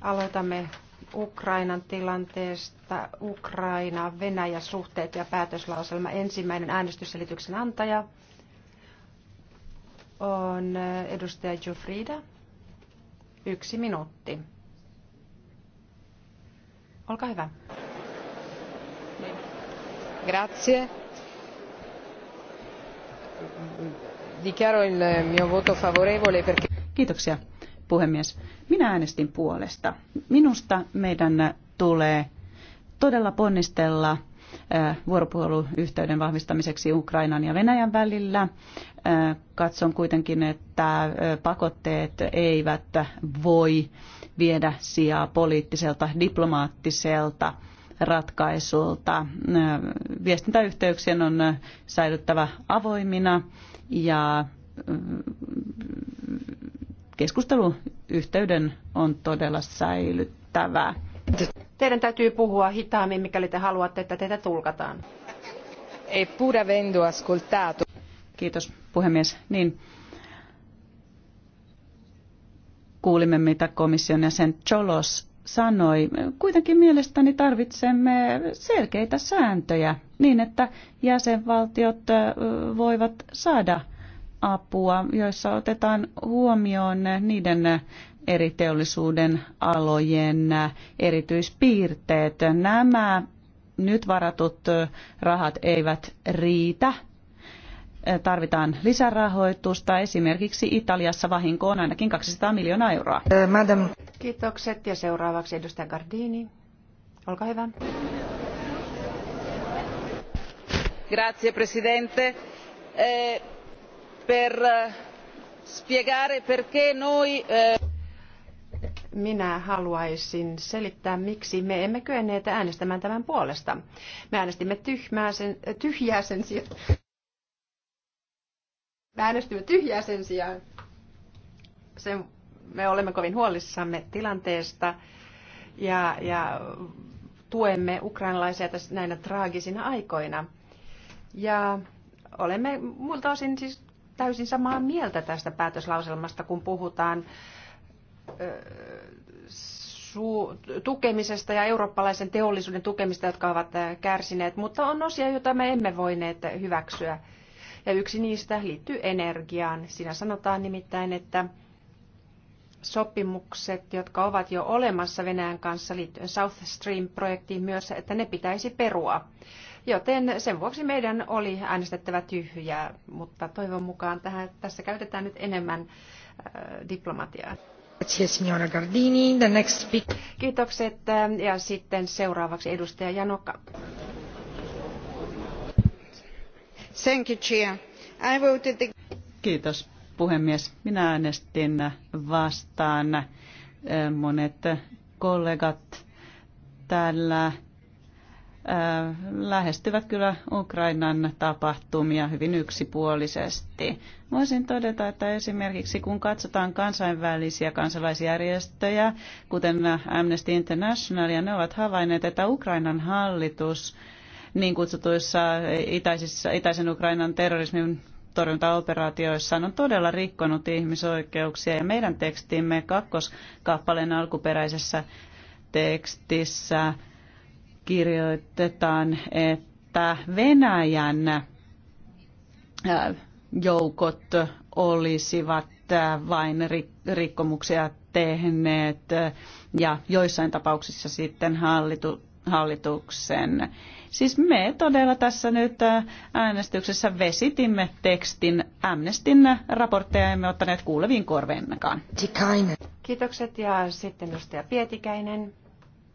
Aloitamme Ukrainan tilanteesta, Ukraina, Venäjä, suhteet ja päätöslauselma. Ensimmäinen äänestysselityksen antaja on eh, edustaja Jufrida. Yksi minuutti. Olkaa hyvä. Grazie. Dichiaro il mio voto favorevole perché... Kiitoksia puhemies, minä äänestin puolesta. Minusta meidän tulee todella ponnistella äh, vuoropuheluyhteyden vahvistamiseksi Ukrainan ja Venäjän välillä. Äh, katson kuitenkin, että äh, pakotteet eivät voi viedä sijaa poliittiselta, diplomaattiselta ratkaisulta. Viestintäyhteyksien on säilyttävä avoimina ja keskusteluyhteyden on todella säilyttävää. Teidän täytyy puhua hitaammin, mikäli te haluatte, että teitä tulkataan. Ei pure vendo ascoltato. Kiitos puhemies. Niin, kuulimme, mitä komission jäsen Cholos sanoi. Kuitenkin mielestäni tarvitsemme selkeitä sääntöjä niin, että jäsenvaltiot voivat saada apua, joissa otetaan huomioon niiden eri teollisuuden alojen erityispiirteet. Nämä nyt varatut rahat eivät riitä. Tarvitaan lisärahoitusta. Esimerkiksi Italiassa vahinko on ainakin 200 miljoonaa euroa. Äh, madam. Kiitokset ja seuraavaksi edustaja Gardini. Olkaa hyvä. Grazie, presidente. Eh per eh, spiegare perché noi eh, minä haluaisin selittää, miksi me emme kyenneet äänestämään tämän puolesta. Me äänestimme tyhmää sen, tyhjää sen sijaan. Me äänestimme tyhjää sen sijaan. Sen, me olemme kovin huolissamme tilanteesta ja, ja tuemme ukrainalaisia tässä näinä traagisina aikoina. Ja olemme muilta osin siis täysin samaa mieltä tästä päätöslauselmasta, kun puhutaan tukemisesta ja eurooppalaisen teollisuuden tukemista, jotka ovat kärsineet, mutta on osia, joita me emme voineet hyväksyä. Ja yksi niistä liittyy energiaan. Siinä sanotaan nimittäin, että sopimukset, jotka ovat jo olemassa Venäjän kanssa liittyen South Stream-projektiin myös, että ne pitäisi perua. Joten sen vuoksi meidän oli äänestettävä tyhjää, mutta toivon mukaan tähän, tässä käytetään nyt enemmän äh, diplomatiaa. Kiitokset äh, ja sitten seuraavaksi edustaja Janoka. Thank you, Chair. I voted... Kiitos puhemies. Minä äänestin vastaan äh, monet kollegat täällä lähestyvät kyllä Ukrainan tapahtumia hyvin yksipuolisesti. Voisin todeta, että esimerkiksi kun katsotaan kansainvälisiä kansalaisjärjestöjä, kuten Amnesty International, ja ne ovat havainneet, että Ukrainan hallitus niin kutsutuissa itäisissä, itäisen Ukrainan terrorismin torjuntaoperaatioissa on todella rikkonut ihmisoikeuksia ja meidän tekstimme kakkoskappaleen alkuperäisessä tekstissä kirjoitetaan, että Venäjän joukot olisivat vain rikkomuksia tehneet ja joissain tapauksissa sitten hallitu, hallituksen. Siis me todella tässä nyt äänestyksessä vesitimme tekstin Amnestin raportteja emme ottaneet kuuleviin korveennakaan. Kiitokset ja sitten edustaja Pietikäinen.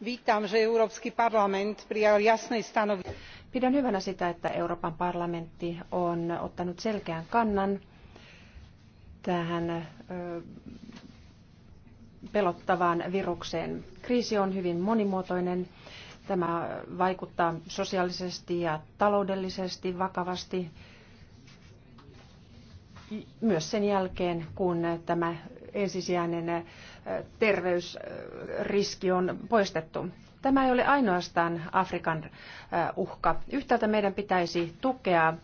vítam že európsky parlament prijal jasné stanovisko. pidän hyvänä sitä että euroopan parlamentti on ottanut selkeän kannan tähän pelottavaan virukseen. kriisi on hyvin monimuotoinen. tämä vaikuttaa sosiaalisesti ja taloudellisesti vakavasti myös sen jälkeen kun tämä ensisijainen terveysriski on poistettu. Tämä ei ole ainoastaan Afrikan uhka. Yhtäältä meidän pitäisi tukea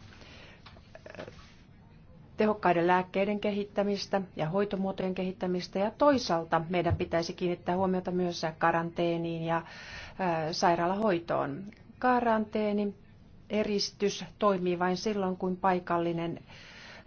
tehokkaiden lääkkeiden kehittämistä ja hoitomuotojen kehittämistä ja toisaalta meidän pitäisi kiinnittää huomiota myös karanteeniin ja sairaalahoitoon. Karanteeni eristys toimii vain silloin, kun paikallinen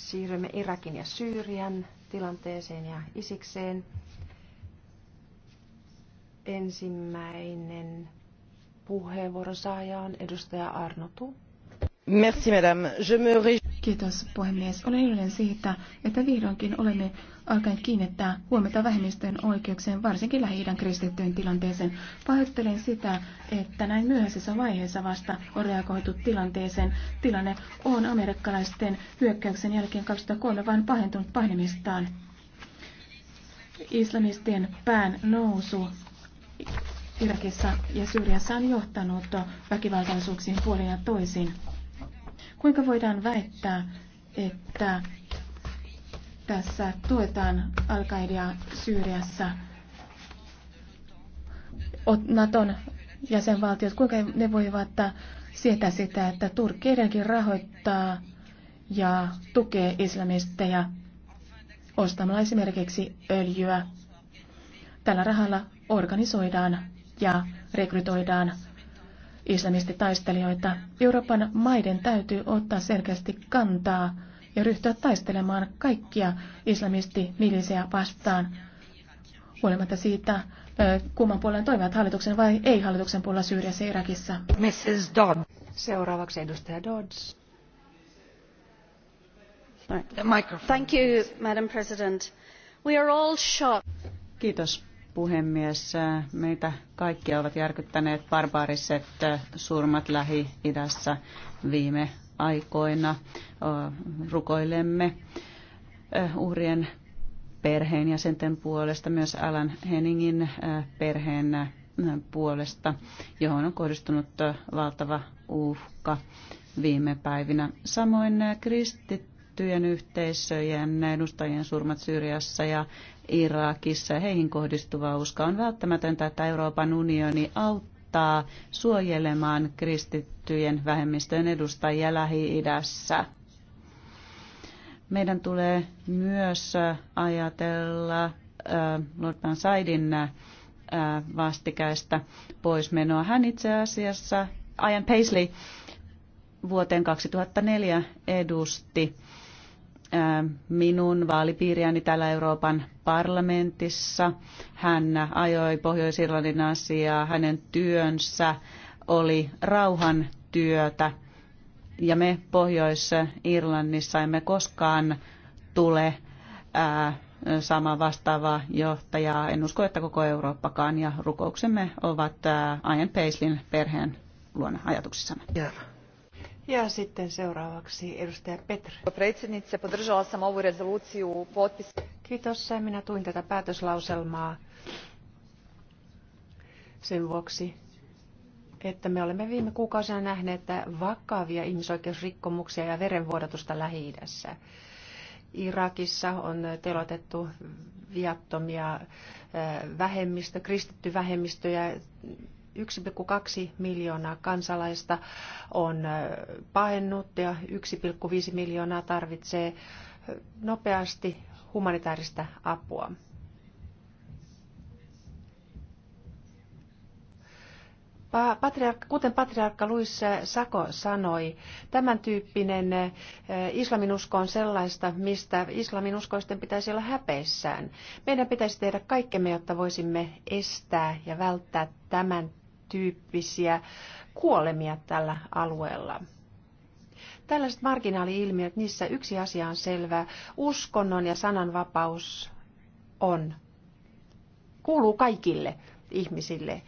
Siirrymme Irakin ja Syyrian tilanteeseen ja isikseen. Ensimmäinen puheenvuoron saaja on edustaja Arno Tu. Merci, madame. Je me Kiitos puhemies. Olen iloinen siitä, että vihdoinkin olemme alkaneet kiinnittää huomiota vähemmistöjen oikeuksien, varsinkin lähi kristittyjen tilanteeseen. Pahoittelen sitä, että näin myöhäisessä vaiheessa vasta on reagoitu tilanteeseen. Tilanne on amerikkalaisten hyökkäyksen jälkeen 2003 vain pahentunut pahenemistaan. Islamistien pään nousu Irakissa ja Syyriassa on johtanut väkivaltaisuuksiin puolin ja toisin. Kuinka voidaan väittää, että tässä tuetaan al Syyriassa Naton jäsenvaltiot, kuinka ne voivat sietää sitä, että Turkki edelläkin rahoittaa ja tukee islamisteja ostamalla esimerkiksi öljyä. Tällä rahalla organisoidaan ja rekrytoidaan islamistitaistelijoita. Euroopan maiden täytyy ottaa selkeästi kantaa ja ryhtyä taistelemaan kaikkia islamistimilisiä vastaan, huolimatta siitä, kumman puolen toimivat hallituksen vai ei hallituksen puolella Syyriassa ja Irakissa. Mrs. Dodd. Seuraavaksi edustaja Dodds. Thank you, Madam President. We are all shocked. Kiitos puhemies. Meitä kaikkia ovat järkyttäneet barbaariset surmat Lähi-idässä viime aikoina. Rukoilemme uhrien perheenjäsenten puolesta, myös Alan Henningin perheen puolesta, johon on kohdistunut valtava uhka viime päivinä. Samoin kristittyjen yhteisöjen edustajien surmat Syyriassa ja Irakissa ja heihin kohdistuva usko. On välttämätöntä, että Euroopan unioni auttaa suojelemaan kristittyjen vähemmistöjen edustajia Lähi-idässä. Meidän tulee myös ajatella äh, Lord Saidin äh, vastikäistä poismenoa. Hän itse asiassa, Ian Paisley, vuoteen 2004 edusti minun vaalipiiriäni täällä Euroopan parlamentissa. Hän ajoi Pohjois-Irlannin asiaa, hänen työnsä oli rauhan työtä. Ja me Pohjois-Irlannissa emme koskaan tule ää, sama vastaavaa johtajaa. En usko, että koko Eurooppakaan. Ja rukouksemme ovat ää, Ian Paislin perheen luona ajatuksissamme. Yeah. Ja sitten seuraavaksi edustaja Petri. Predsjednice, podržala sam ovu rezoluciju potpis. Kiitos, minä tuin tätä päätöslauselmaa sen vuoksi, että me olemme viime kuukausina nähneet vakavia ihmisoikeusrikkomuksia ja verenvuodatusta Lähi-idässä. Irakissa on telotettu viattomia eh, vähemmistö, kristitty vähemmistö ja 1,2 miljoonaa kansalaista on paennut ja 1,5 miljoonaa tarvitsee nopeasti humanitaarista apua. Patriarkka, kuten patriarkka Luis Sako sanoi, tämän tyyppinen islaminusko on sellaista, mistä islaminuskoisten pitäisi olla häpeissään. Meidän pitäisi tehdä kaikkemme, jotta voisimme estää ja välttää tämän tyyppisiä kuolemia tällä alueella. Tällaiset marginaali-ilmiöt, niissä yksi asia on selvää. Uskonnon ja sananvapaus on. Kuuluu kaikille ihmisille.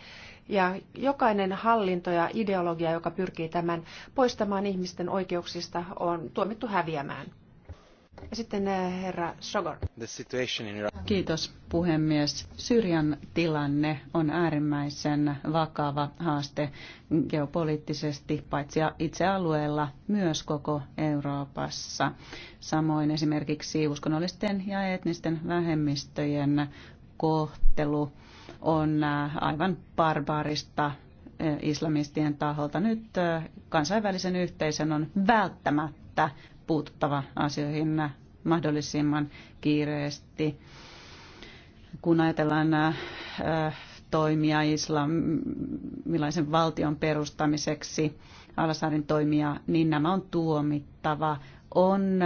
Ja jokainen hallinto ja ideologia, joka pyrkii tämän poistamaan ihmisten oikeuksista, on tuomittu häviämään. Sitten äh, herra Sogor. Kiitos puhemies. Syyrian tilanne on äärimmäisen vakava haaste geopoliittisesti, paitsi itse alueella, myös koko Euroopassa. Samoin esimerkiksi uskonnollisten ja etnisten vähemmistöjen kohtelu on äh, aivan barbaarista äh, islamistien taholta. Nyt kansainvälisen yhteisön on välttämättä puututtava asioihin mahdollisimman kiireesti. Kun ajatellaan nämä äh, toimia islamilaisen valtion perustamiseksi, Al-Assadin toimia, niin nämä on tuomittava. On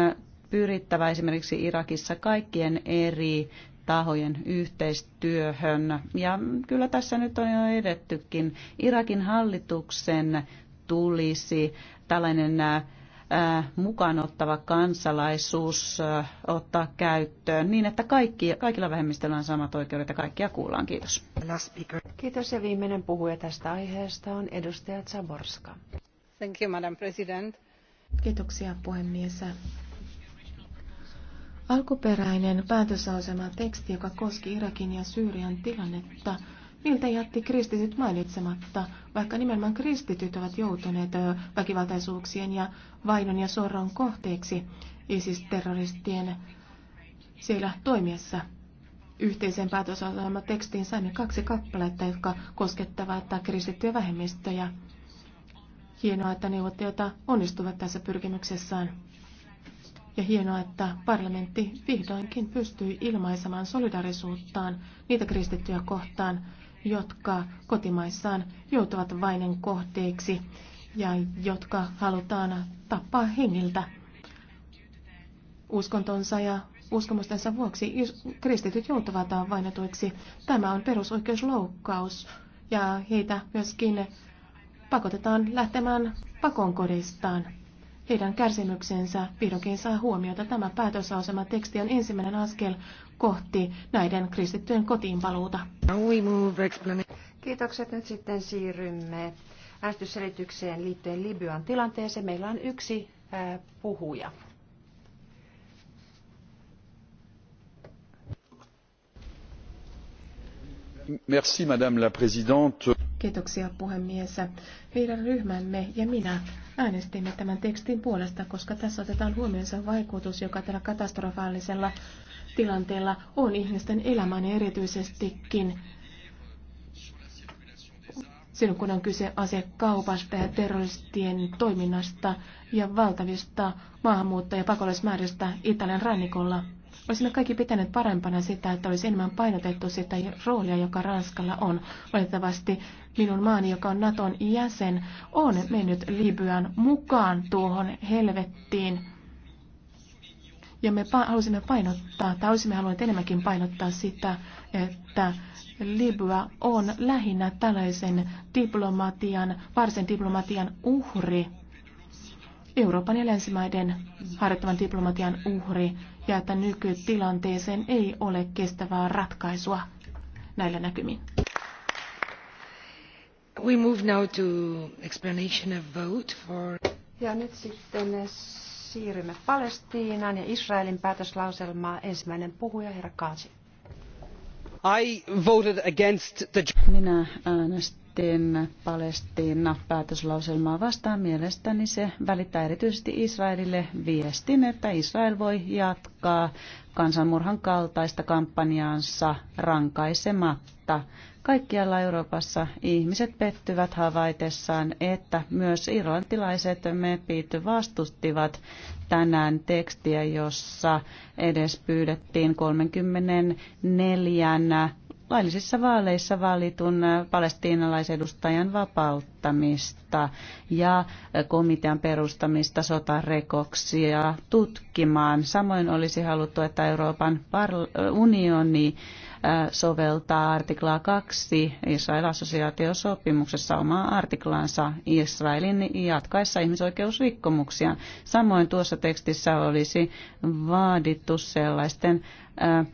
pyrittävä esimerkiksi Irakissa kaikkien eri tahojen yhteistyöhön. Ja kyllä tässä nyt on jo edettykin. Irakin hallituksen tulisi tällainen äh, Äh, mukaan ottava kansalaisuus äh, ottaa käyttöön niin, että kaikki, kaikilla vähemmistöillä on samat oikeudet ja kaikkia kuullaan. Kiitos. Kiitos ja viimeinen puhuja tästä aiheesta on edustaja Zaborska. Thank you, Madam President. Kiitoksia puhemies. Alkuperäinen päätösasema teksti, joka koski Irakin ja Syyrian tilannetta, Miltä jätti kristityt mainitsematta, vaikka nimenomaan kristityt ovat joutuneet väkivaltaisuuksien ja vainon ja sorron kohteeksi ISIS-terroristien siellä toimiessa? Yhteisen päätösohjelman tekstiin saimme kaksi kappaletta, jotka koskettavat kristittyjä vähemmistöjä. Hienoa, että neuvottelijat onnistuvat tässä pyrkimyksessään. Ja hienoa, että parlamentti vihdoinkin pystyi ilmaisemaan solidarisuuttaan niitä kristittyjä kohtaan, jotka kotimaissaan joutuvat vainen kohteeksi ja jotka halutaan tappaa hengiltä. Uskontonsa ja uskomustensa vuoksi kristityt joutuvat vainetuiksi. Tämä on perusoikeusloukkaus ja heitä myöskin pakotetaan lähtemään pakoon kodistaan. Heidän kärsimyksensä vihdoinkin saa huomiota. Tämä päätösasema teksti on ensimmäinen askel kohti näiden kristittyjen kotiinpaluuta. Kiitokset. Nyt sitten siirrymme äänestysselitykseen liittyen Libyan tilanteeseen. Meillä on yksi ää, puhuja. Merci, Madame la Présidente. Kiitoksia puhemies. Meidän ryhmämme ja minä Äänestimme tämän tekstin puolesta, koska tässä otetaan huomioon se vaikutus, joka tällä katastrofaalisella tilanteella on ihmisten elämän erityisestikin silloin, kun on kyse asekaupasta ja terroristien toiminnasta ja valtavista maahanmuutto- ja pakolaismääristä Italian rannikolla. Olisimme kaikki pitäneet parempana sitä, että olisi enemmän painotettu sitä roolia, joka Ranskalla on. Valitettavasti minun maani, joka on Naton jäsen, on mennyt Libyan mukaan tuohon helvettiin. Ja me pa- halusimme painottaa, tai olisimme halunneet enemmänkin painottaa sitä, että Libya on lähinnä tällaisen diplomatian, varsin diplomatian uhri. Euroopan ja länsimaiden harjoittaman diplomatian uhri ja että nykytilanteeseen ei ole kestävää ratkaisua näillä näkymin. We move now to explanation of vote for... Ja nyt sitten siirrymme Palestiinan ja Israelin päätöslauselmaa. Ensimmäinen puhuja, herra Kaasi. I voted against the... Minä äänestin äänestin Palestiina päätöslauselmaa vastaan, mielestäni se välittää erityisesti Israelille viestin, että Israel voi jatkaa kansanmurhan kaltaista kampanjaansa rankaisematta. Kaikkialla Euroopassa ihmiset pettyvät havaitessaan, että myös irlantilaiset mepit vastustivat tänään tekstiä, jossa edes pyydettiin 34 laillisissa vaaleissa valitun äh, palestiinalaisedustajan vapauttamista ja äh, komitean perustamista sotarekoksia tutkimaan. Samoin olisi haluttu, että Euroopan äh, unioni soveltaa artiklaa 2 Israelin assosiaatiosopimuksessa omaa artiklaansa Israelin jatkaessa ihmisoikeusrikkomuksia. Samoin tuossa tekstissä olisi vaadittu sellaisten äh,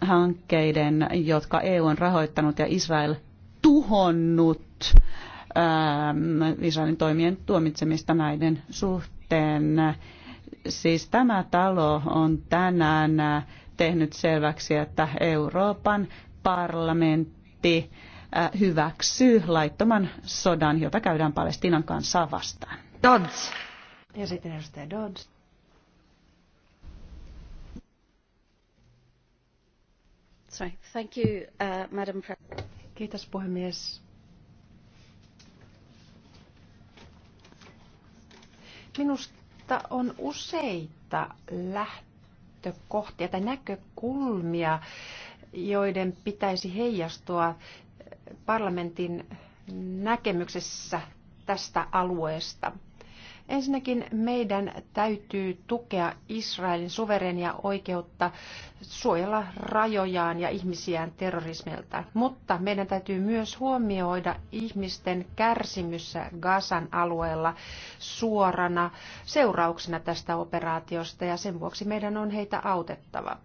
hankkeiden, jotka EU on rahoittanut ja Israel tuhonnut ähm, Israelin toimien tuomitsemista näiden suhteen. Siis tämä talo on tänään tehnyt selväksi, että Euroopan parlamentti äh, hyväksyy laittoman sodan, jota käydään Palestinan kanssa vastaan. Dodds. Ja sitten edustaja Dodds. Uh, Kiitos puhemies. Minusta on useita lähtökohtia tai näkökulmia, joiden pitäisi heijastua parlamentin näkemyksessä tästä alueesta. Ensinnäkin meidän täytyy tukea Israelin suverenia oikeutta suojella rajojaan ja ihmisiään terrorismilta, mutta meidän täytyy myös huomioida ihmisten kärsimyssä Gazan alueella suorana seurauksena tästä operaatiosta ja sen vuoksi meidän on heitä autettava.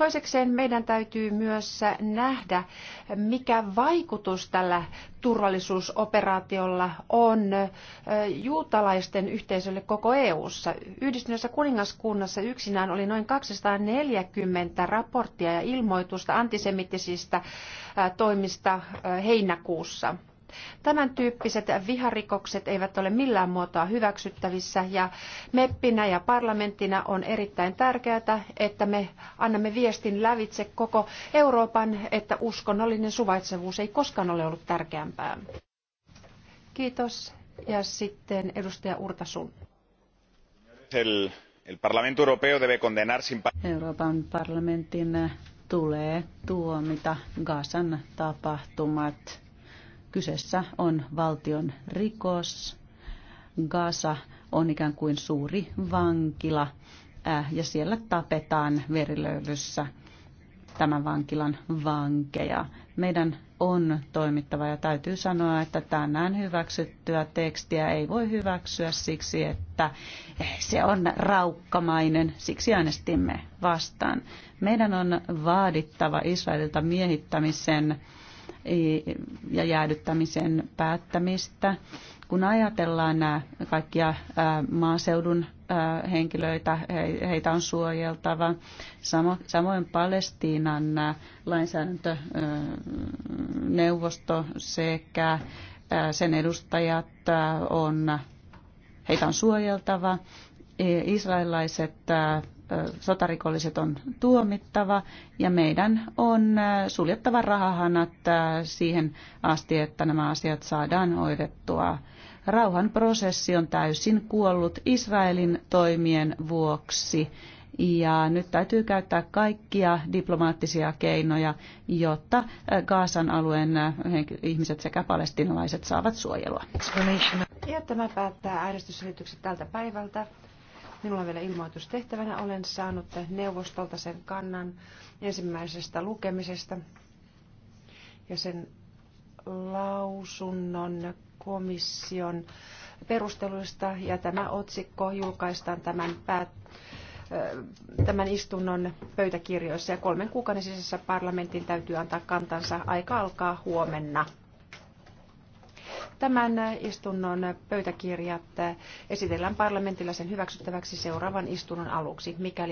Toisekseen meidän täytyy myös nähdä, mikä vaikutus tällä turvallisuusoperaatiolla on juutalaisten yhteisölle koko EU-ssa. Yhdistyneessä kuningaskunnassa yksinään oli noin 240 raporttia ja ilmoitusta antisemittisistä toimista heinäkuussa. Tämän tyyppiset viharikokset eivät ole millään muotoa hyväksyttävissä ja meppinä ja parlamenttina on erittäin tärkeää, että me annamme viestin lävitse koko Euroopan, että uskonnollinen suvaitsevuus ei koskaan ole ollut tärkeämpää. Kiitos. Ja sitten edustaja Urta Sun. Euroopan parlamentin tulee tuomita Gazan tapahtumat Kyseessä on valtion rikos. Gaza on ikään kuin suuri vankila äh, ja siellä tapetaan verilöylyssä tämän vankilan vankeja. Meidän on toimittava ja täytyy sanoa, että tänään hyväksyttyä tekstiä ei voi hyväksyä siksi, että se on raukkamainen, siksi äänestimme vastaan. Meidän on vaadittava Israelilta miehittämisen ja jäädyttämisen päättämistä. Kun ajatellaan nämä kaikkia maaseudun henkilöitä, heitä on suojeltava. Samoin Palestiinan lainsäädäntöneuvosto sekä sen edustajat on, heitä on suojeltava. E, israelilaiset sotarikolliset on tuomittava ja meidän on suljettava rahahanat siihen asti, että nämä asiat saadaan hoidettua. Rauhan prosessi on täysin kuollut Israelin toimien vuoksi ja nyt täytyy käyttää kaikkia diplomaattisia keinoja, jotta Gaasan alueen ihmiset sekä palestinalaiset saavat suojelua. Ja tämä päättää äänestysselitykset tältä päivältä. Minulla on vielä ilmoitus tehtävänä. Olen saanut neuvostolta sen kannan ensimmäisestä lukemisesta ja sen lausunnon komission perusteluista. Ja tämä otsikko julkaistaan tämän päät tämän istunnon pöytäkirjoissa ja kolmen kuukauden sisässä parlamentin täytyy antaa kantansa. Aika alkaa huomenna. Tämän istunnon pöytäkirjat esitellään parlamentilla sen hyväksyttäväksi seuraavan istunnon aluksi, mikäli